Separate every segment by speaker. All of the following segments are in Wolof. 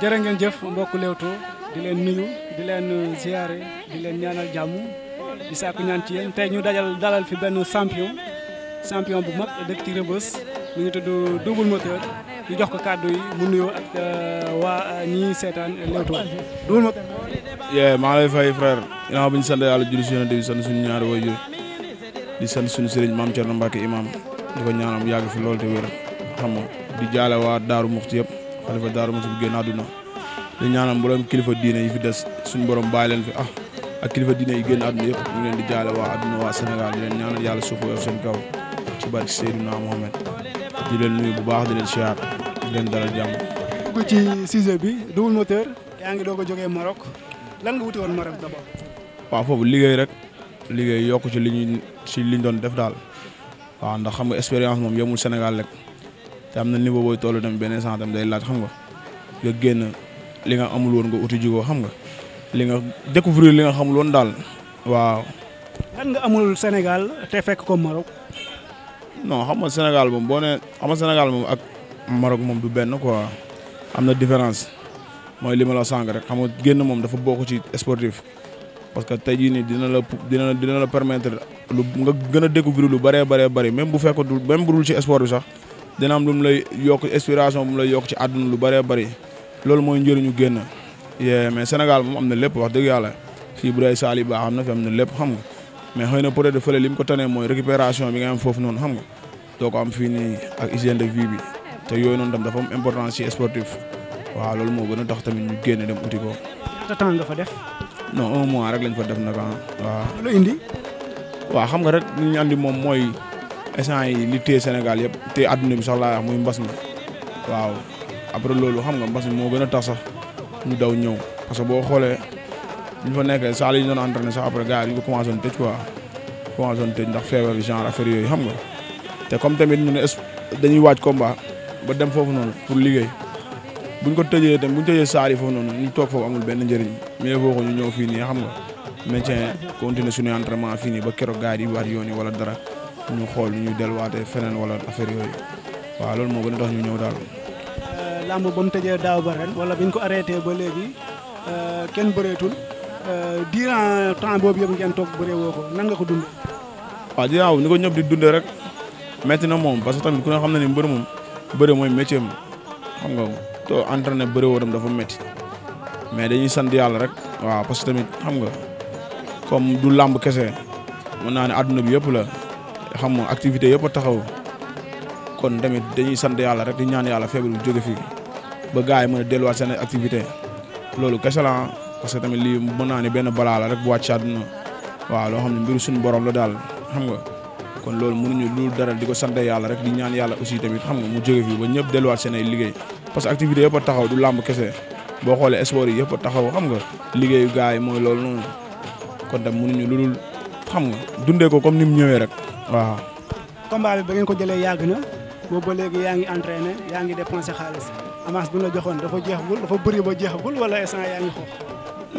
Speaker 1: jërë
Speaker 2: ngeen jëf mbokk Leewtoo di leen nuyu di leen ziyaare di leen ñaanal jàmm di ñaan ci yéen te ñu dajal dalal fi benn champion champion bu mag dëkk ci Rebeuss mu ngi tudd Double Moteur ñu jox ko kàddu yi mu nuyoo ak euh, waa ñi seetaan Leewtoo Double Moteur
Speaker 1: yee maa lay fay frère ginnaaw bi ñu si yonent bi sant suñu ñaari waajur di sant suñu sëriñ maam Thierno Mbacke imam di ko ñaanam yàgg fi loolu te wér xam di jaale waa Daaru Muxti yëpp xalifa Daaru Muxti bu génn àdduna di ñaanam mboolem kilifa diine yi fi des suñu borom bàyyi leen fi ah ak kilifa diine yi leen di jaale waa àdduna waa Sénégal di leen ñaanal yàlla suuf woyof seen bu baax di leen siyaar di leen dalal yaa
Speaker 2: ngi doog a jógee Maroc lan nga wuti woon Maroc d'abord.
Speaker 1: waaw foofu liggéey rek liggéey yokk ci li ñu ci li ñu doon def daal waaw ndax xam nga expérience moom yemul Sénégal rek te am na niveau booy toll dam beneen instant tamit day laaj xam nga nga génn li nga amul woon nga uti jigoo xam nga li nga découvrir li nga xamul woon daal waaw. lan nga amul Sénégal te fekk ko Maroc. non xam nga Sénégal moom boo nee xam nga Sénégal moom ak Maroc moom du benn quoi am na différence. mooy li ma sàng rek xam nga génn moom dafa bokk ci sportif parce que tey jii nii dina la dina la dina la permettre lu nga gën a découvrir lu bëree bëree bëri même bu fekk du même bu dul ci sport bi sax dina am lu mu lay yokk inspiration bu mu lay yokk ci àdduna lu bëree bëri loolu mooy njëriñu génn mais Sénégal moom am na lépp wax dëgg yàlla fii bu dee saal baax am na fi am na lépp xam nga mais xëy na peut-être fële li mu ko tanee mooy récupération bi nga am foofu noonu xam nga doo ko am fii nii ak hygiène de vie bi te yooyu noonu tam dafa am importance ci sportif waaw loolu moo gën a tax tamit ñu génn dem uti ko.
Speaker 2: ñaata temps nga fa def.
Speaker 1: non un mois rek lañ fa def nag ah, waaw. lu indi. xam nga rek li ñu moom mooy essence yi li téye Sénégal yëpp téye adduna bi sax laa wax muy mbas mi waaw après loolu xam nga mbas mi moo gën a tax sax ñu daw ñëw parce que boo xoolee ñu fa nekkee saal yi ñu doon entraîné sax après gars yi ñu commencé woon tëj quoi commencé woon tëj ndax feebar genre affaire yooyu xam nga te comme tamit ñu ne dañuy waaj combat ba dem foofu noonu pour liggéey. buñ ko tëjee tam buñ tëjee saar yi foofu noonu ñu toog foofu amul benn njëriñ mais foofu ñu ñëw fii nii xam nga maintien continuer suñu entraînement fii nii ba keroog gars yi waat yoon yi wala dara ñu xool ñu delluwaatee feneen wala affaire yooyu waaw loolu moo gën a tax ñu ñëw daal.
Speaker 2: Euh, làmb ba mu tëjee daaw ba ren wala biñ ko arrêté ba léegi euh, kenn bëreetul euh, durant temps boobu yëpp ngeen toog bëree woo ko nan nga ko dundee.
Speaker 1: waa dinaa ni ko ñëpp di dundee rek métti na moom parce que tamit ku xam na ni mbër moom bëre mooy métier xam nga. te entraîné bëri woo dafa métti mais dañuy sant yàlla rek waaw parce que tamit xam nga comme du làmb kese mën naa ne àdduna bi yëpp la xam nga activité yëpp a taxaw kon tamit dañuy sant yàlla rek di ñaan yàlla feebar bu jóge fii ba gars yi mën a delluwaat seen activité loolu kese la parce que tamit lii mën naa ne benn balaa la rek bu wàcc ci àdduna waaw loo xam ne mbiru suñu borom la daal xam nga kon loolu mënuñu lu dara di ko sante yàlla rek di ñaan yàlla aussi tamit xam nga mu jóge fii ba ñëpp delluwaat seen ay liggéey parce que activité yëpp a taxaw du làmb kese boo xoolee sport yi yëpp a taxaw xam nga liggéeyu gars yi mooy loolu noonu kon tam mënuñu lu dul xam nga dundee ko comme ni mu ñëwee rek waaw.
Speaker 2: combat bi ba ngeen ko jëlee yàgg na boobu ba léegi yaa ngi entraîné yaa ngi dépensé xaalis avance bu ñu joxoon dafa jeexagul dafa bëri ba jeexagul wala instant yaa ngi xoox.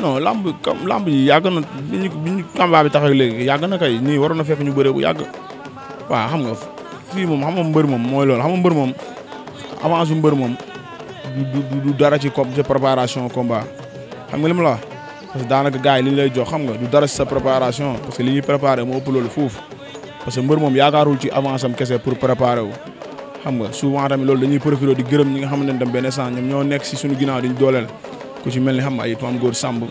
Speaker 1: non làmb comme yàgg na bi ñu bi ñu combat bi taxaw léegi yàgg na kay nii waroon na fekk ñu bëree bu yàgg waaw xam nga fii moom xam nga mbër moom mooy lool xam nga mbër moom avance yu mbër moom du dara ci comme sa préparation combat xam nga li ma la parce que daanaka gars yi li lay jox xam nga du dara ci sa préparation parce que li ñuy préparé moo ëpp loolu foofu parce que mbër moom yaakaarul ci avance kese pour préparer wu xam nga souvent tamit loolu dañuy profité di gërëm ñi nga xamante ne tam benn sens ñoo nekk si suñu ginnaaw di ñu dooleel ku ci mel ni xam ay Pam Góor Samb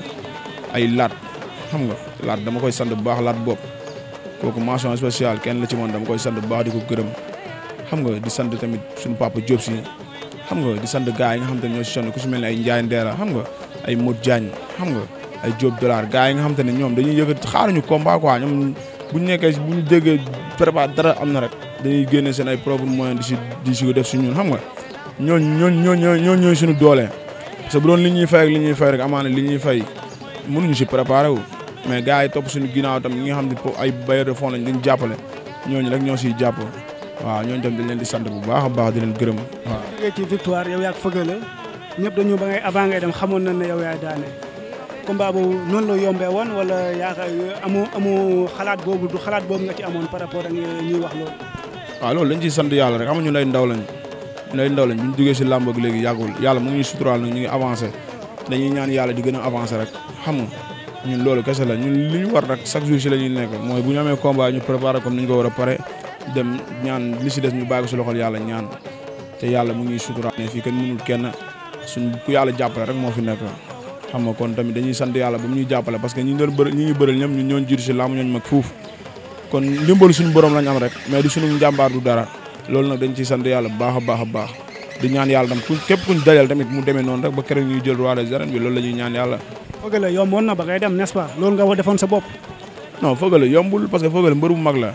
Speaker 1: ay laat xam nga laat dama koy sant bu baax laat bopp kooku mention spéciale kenn la ci man dama koy sant bu baax di ko gërëm xam nga di sant tamit suñu papa Diop si xam nga di sant gars yi nga xam te ne ñoo si sonn ku si mel ne ay Ndiaye Ndera xam nga ay Modou Diagne xam nga ay Diop dollar gars yi nga xam te ne ñoom dañuy yëkkati xaaruñu combat quoi ñoom bu ñu nekkee bu ñu déggee prépa am na rek dañuy génne seen ay propre moyen di si di si def si ñun xam nga ñooñu ñoo ñooñu ñooñu ñooy suñu doole. parce que bu doon li ñuy fay ak li ñuy fay rek amaana li ñuy fay mënuñu si préparé wu mais gars yi topp suñu ginnaaw tam ñi nga xam ne ay bailleurs de fonds lañ dañ jàppale ñooñu rek ñoo siy jàpp waaw ñooñ tam dañ leen di sant bu baax a baax di leen gërëm waaw. liggéey ci
Speaker 2: victoire yow ba ngay avant ngay dem xamoon nañ ne yow yaay daane combat boobu noonu la yombee woon wala yaakaar amoo amoo xalaat boobu du xalaat boobu nga ci amoon par rapport ak ñuy wax loolu.
Speaker 1: waaw loolu lañ sant yàlla rek xam ñu lay ndaw lañ ñu lay ndaw lañ bu ñu duggee si làmb ak léegi yàggul yàlla mu ngi suturaal nag ñu ngi avancé dañuy ñaan yàlla di gën a avancé rek xam ñu ñun loolu kese la ñu war rek chaque la ñuy nekk mooy bu ñu amee combat ñu préparé comme ni war a pare dem ñaan li si des ñu bàyyi ko si loxol yàlla ñaan te yàlla mu ngi sutura ne fii kenn mënul kenn suñ ku yàlla rek moo fi nekk xam kon tamit dañuy sant yàlla ba mu ñuy baax a baax a baax di ñaan yàlla tam ku kuñ dajal tamit mu demee noonu rek ba keroog ñuy jël roi des bi loolu ñuy ñaan yàlla
Speaker 2: Feugeleu yomboon na ba dem nest loolu nga wax bopp
Speaker 1: non Feugeleu yombul parce que Feugeleu mbër bu mag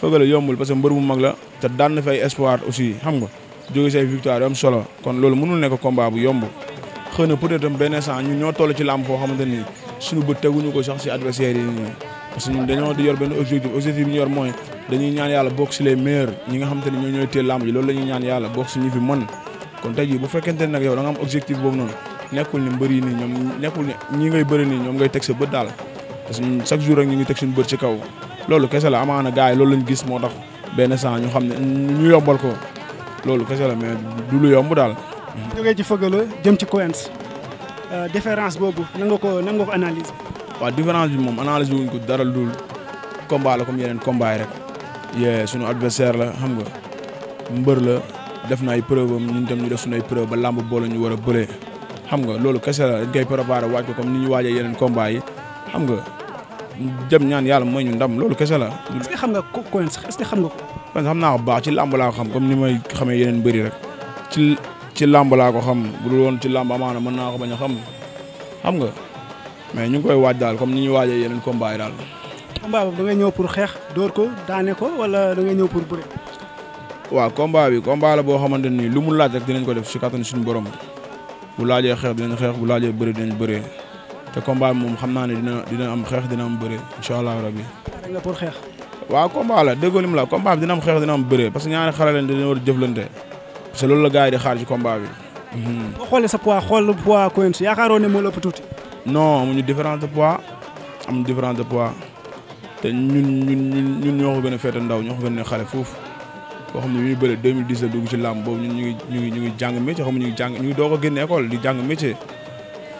Speaker 1: fëgale yombul parce que mbër bu mag la te daan na fay espoir aussi xam nga jóge say victoire am solo kon loolu mënul nekk combat bu yomb xëy na peut-être benn sant ñoo toll ci làmb foo xamante ni suñu bët teguñu ko sax si adversaire yi nii parce que ñun dañoo di yor benn objectif objectif bi ñu yor mooy dañuy ñaan yàlla bokk si les ñi nga xamante ni ñoo ñooy téel làmb ji loolu la ñuy ñaan yàlla bokk si ñi fi mën kon tey jii bu fekkente ne nag yow da nga objectif boobu noonu nekkul ni mbër yi nii ñoom nekkul ni ñi ngay bëri nii ñoom ngay teg sa bët daal parce que ñun chaque ñu ngi teg suñu bët ci kaw loolu kese la amaana gars yi loolu ñu gis moo tax benn sant ñu xam ne ñu yombal ko loolu kese la mais du lu yomb daal.
Speaker 2: jógee ci Feugeuleu jëm ci Quench
Speaker 1: euh, différence boobu nan nga ko nan nga ko analyse. bi moom analyse wuñ ko dara lu dul combat comme yeneen combat rek. yee suñu adversaire la xam nga mbër la def na ay preuve am ñun tam ñu def suñu ay preuve ba làmb boole ñu war a bëree xam nga loolu kese la dañ koy préparé waaj ko comme ni ñu waajee yeneen combat yi xam nga. jëm ñaan yàlla mooy ñu ndam loolu kese la. xam nga ko Quench xam nga ko. Quench xam naa ko baax ci làmb laa ko xam comme ni may xamee yeneen bëri rek ci ci làmb laa ko xam bu dul woon ci làmb amaana mën naa ko bañ a xam xam nga mais ñu ngi koy waaj daal comme ni ñuy waajee yeneen combat yi daal.
Speaker 2: combat boobu da ngay ñëw pour xeex dóor ko daane ko wala da ñëw pour bëre.
Speaker 1: waaw combat bi combat la boo xamante nii lu mu laaj rek dinañ ko def si kattan suñu borom bu laajee xeex dinañ xeex bu laajee bëre dinañ bëre te combat moom xam naa ne dina dina am xeex dina am bëre incha allahu rabi. pour xeex. waaw combat la déggoo lim la combat bi dina am xeex dina am bëre parce que ñaari xale lañ dina war a jëflante parce que loolu la gars yi di xaar ci combat bi. Mhm. xoolee sa poids xool poids Quench yaakaaroon ne moo la ëpp tuuti. non amuñu différence de poids am différence de poids te ñun ñun ñun ñoo ko ko gën foofu boo xam ne ñu ngi ñu ngi ñu ngi jàng métier xam ñu ngi di jàng métier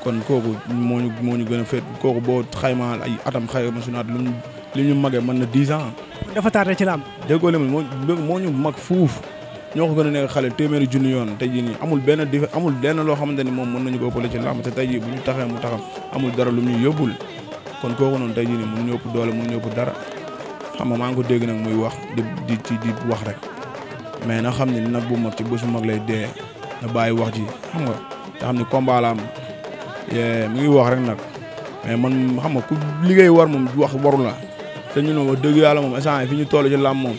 Speaker 1: kon kooku moo ñu moo ñu gën a féet kooku boo xaymaa ay atam xayma sunaat lu ñu li ñu magee mën na dix ans. dafa tardé ci làmb. déggoo leen moo moo ñu mag fuuf ñoo ko gën a nekk xale téeméeri junni yoon tey jii nii amul benn dif amul lenn loo xamante ni moom mën nañu ko ëppale ci làmb te tey jii bu ñu taxee mu taxam amul dara lu ñu yóbbul kon kooku noonu tey jii nii mënuñu ëpp doole mënuñu ëpp dara xam nga maa ngi ko dégg nag muy wax di di ci di wax rek mais na xam ne nag bu mag ci bés bu mag lay dee na bàyyi wax ji xam nga te xam ne combat mu ngi wax rek nag mais man xam nga ku liggéey war moom wax waru la te ñu ne wax dëgg yàlla moom instant fi ñu toll ci làmb moom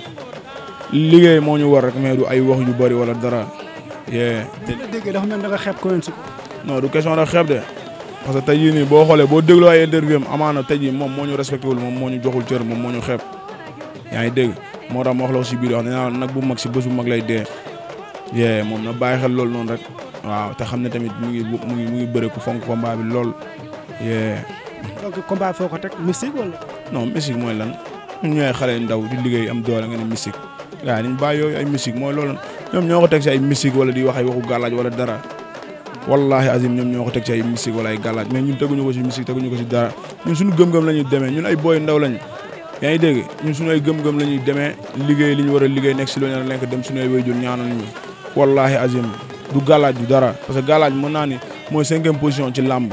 Speaker 1: liggéey moo ñu war rek mais du ay wax yu bari wala dara. te dégg dafa mel da nga xeeb Quench. non du question rek xeeb de parce que te jii nii boo xoolee boo dégloo ay interview am amaana tey jii moom moo ñu respecté wul moom moo ñu joxul cër moom moo ñu xeeb yaa ngi dégg moo tax moo wax la ko si biir wax ne nag bu mag si bës bu mag lay dee. moom na bàyyi xel loolu noonu rek. waaw te xam ne tamit mu ngi mu ngi mu ngi bëre ku fonk combat bi lool. donc combat foo ko teg mystique wala. non mystique mooy lan ñun ñooy xale ndaw di liggéey am doole nga ne mystique. waaw dañ bàyyi yooyu ay mystique mooy loolu ñoom ñoo ko teg si ay mystique wala di wax ay waxu gàllaaj wala dara. wallahi azim ñoom ñoo ko teg ci ay wala ay gàllaaj mais ñun teguñu ko si mystique teguñu ko si dara ñun suñu gëm-gëm la ñuy demee ñun ay booy ndaw lañu. yaa ngi dégg ñun suñu ay gëm-gëm la ñuy demee liggéey li ñu war a liggéey nekk si lu ñu nekk dem suñu ay wéyjur ñaanal ñu wallahi azim du galaaj du dara parce que galaaj mën naa ni mooy cinquième position ci làmb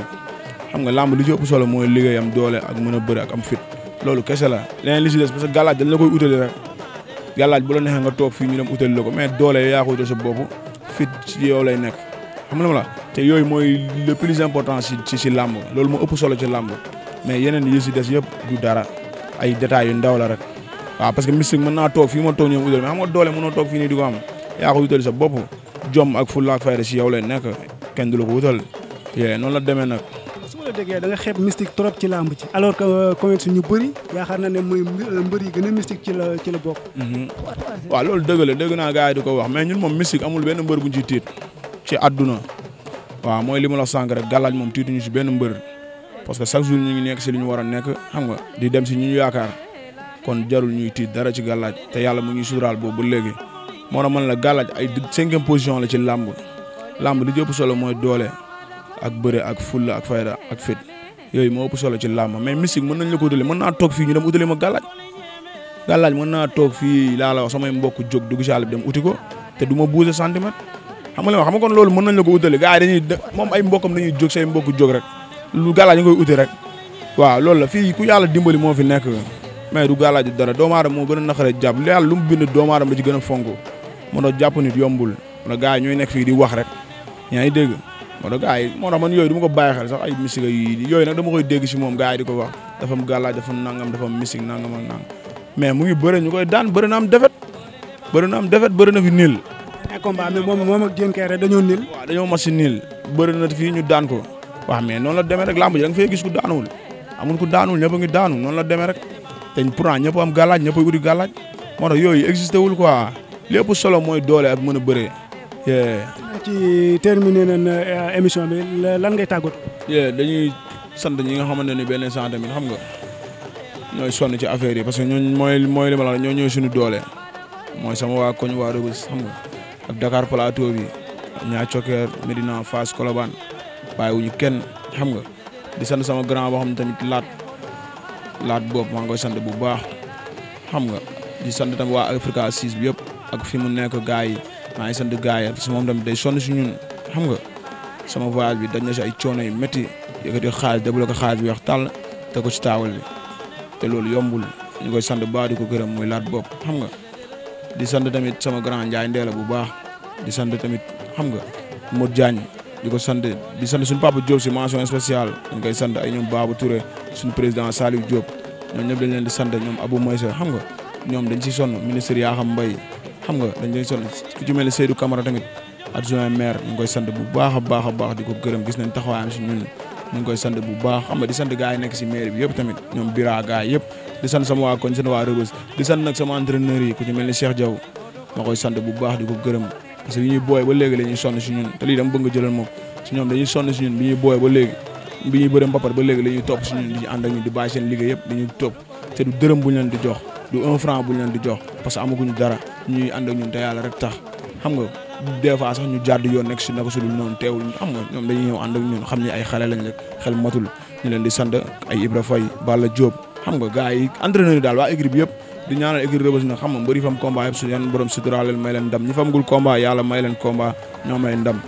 Speaker 1: xam nga làmb li ci ëpp solo mooy liggéeyam doole ak mën a bëri ak am fit loolu kese la li ci des parce que galaaj dañ la koy utali rek galaaj bu la neexee nga toog fii ñu dem utali la ko mais doole yaa ko utal sa fit ci yow lay nekk xam nga la te yooyu mooy le plus important ci ci ci làmb loolu moo ëpp solo ci làmb mais yeneen yi si des yëpp du dara ay détails yu ndaw la rek waaw parce que mystique mën naa toog fii ko am yaa ko wutal sa bopp jom ak fulla ak fayda si yow lay nekk kenn du la ko wutal yee noonu la demee nag.
Speaker 2: su ma la déggee da nga trop ci làmb ci alors que euh, ñu bëri yaakaar na ne mooy euh, mbër yi gën a ci la ci
Speaker 1: la bokk. Mm-hmm. waaw loolu dëgg la dëgg naa gars di ko wax mais ñun moom mystique amul benn mbër bu ñu ciy tiit ci àdduna mooy li ma la sànq rek gàllaaj moom tiituñu si benn mbër parce que chaque jour ñu ngi nekk si li ñu war a nekk xam nga di dem si ñu yaakaar kon jarul ñuy tiit dara ci gàllaaj te yàlla mu ngi suuraal boobu léegi moo tax man la gàllaaj ay cinquième position la ci làmb làmb li ci ëpp solo mooy doole ak bëre ak fulla ak fayda ak fit yooyu moo ëpp solo ci làmb mais mystique mën nañ la ko utale man naa toog fii ñu dem utale ma gàllaaj gàllaaj mën naa toog fii laa la wax samay mbokk jog dugg ci àll dem uti ko te du ma bouger centimètre xam nga li ma xam nga kon loolu mën nañ la ko utale gaa yi dañuy moom ay mbokkam dañuy jóg say mbokk jóg rek lu gàllaaj nga koy uti rek waaw loolu la fii ku yàlla dimbali moo fi nekk mais du gàllaaj dara doomu moo gën a naqare jàpp lu yàlla lu mu bind doomu gën a fonk moo tax jàpp nit yombul moo tax gars yi ñooy nekk fii di wax rek yaa ngi dégg moo tax gars yi moo tax man yooyu du ma ko bàyyi xel sax ay misik yi yooyu nag dama koy dégg si moom gars yi di ko wax dafa am gàllaaj dafa nangam dafa am misik nangam ak nangam mais mu ngi bëri ñu koy daan bëri na am defet bëri na am defet bëri na fi niil. ay combat bi moom moom ak Dieng Kéré dañoo niil. waaw dañoo mas si niil bëri na fii ñu daan ko waaw mais noonu la demee rek làmb ji da nga fay gis ku daanuwul amul ku daanuwul ñëpp a ngi daanu noonu la demee rek te pourtant ñëpp am gàllaaj ñëpp a uti gàllaaj moo tax yooyu existé wul quoi lépp solo mooy doole ak mën a bëree.
Speaker 2: ci terminé nañ eh, émission bi lan ngay tàggatoo.
Speaker 1: dañuy sant ñi nga xamante ne benn sant tamit xam nga ñooy sonn ci affaire yi parce que ñooñu mooy mooy li ma la ñoo ñooy suñu doole mooy sama waa koñ waa Rebeuss xam nga ak Dakar Plateau bi ñaa Cokeer Medina Fass Colobane bàyyiwuñu kenn xam nga di sant sama grand boo xam ne tamit laat laat boobu moo ngi koy bu baax xam nga di sant tamit waa Africa sis bi yëpp. ak fi mu nekk gars yi maa ngi sant gars yi parce que moom tamit day sonn si ñun xam nga sama voyage bi dañ na si ay coono yu métti yëkkati xaalis déglu ko xaalis bi wax tàll te ko si taawal bi te loolu yombul ñu koy sant baa di ko gërëm muy laat bopp xam nga di sant tamit sama grand Ndiaye Ndéla bu baax di sant tamit xam nga moo Diagne di ko sant di sant suñu papa Diop si mention spéciale dañ koy sant ay ñoom Babou Touré suñu président Saliou Diop ñoom ñëpp dañ leen di sant ñoom Abou Moïse xam nga ñoom dañ si sonn ministre yaa xam mbay xam nga dañ lay sonn ku ci mel bu baax a baax di ko gërëm gis nañ taxawaayam si ñun koy sant bu baax xam nga sant gars yi nekk si maire bi yëpp tamit ñoom bira gars yëpp di sant sama waa koñ seen waa Rebeuss di bu baax di gërëm booy ba léegi la ñuy sonn si ñun te lii dama bëgg nga jëlal moom si ñoom dañuy sonn si ñun bi ñuy booy ba léegi bi ñuy bëri mbapat ba léegi la topp si ñun di ñu ànd ak ñu di bàyyi seen liggéey yëpp dañuy topp te dërëm bu ñu leen di jox du un bu ñu leen di jox parce que amaguñu dara ñuy ànd ak ñun te yàlla rek tax xam nga des fois sax ñu jàdd yoon nekk si naka su dul noonu teewul xam nga ñoom dañuy ñëw ànd xam ni ay xale ñu leen di sant ay xam nga gars yi entraîneur yi daal waa équipe yëpp di ñaanal équipe Rebeuss nag xam nga mbëri fam combat yëpp su yan borom sutura leen may leen ndam ñi famgul ndam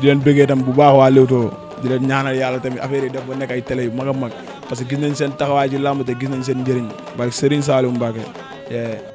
Speaker 1: di leen bëggee tam bu baax waa Leewtoo di leen ñaanal yàlla tamit affaire yi ba nekk ay télé yu mag a mag parce que gis nañ seen taxawaay ci làmb te gis nañ seen njëriñ barke Serigne Saliou Mbacké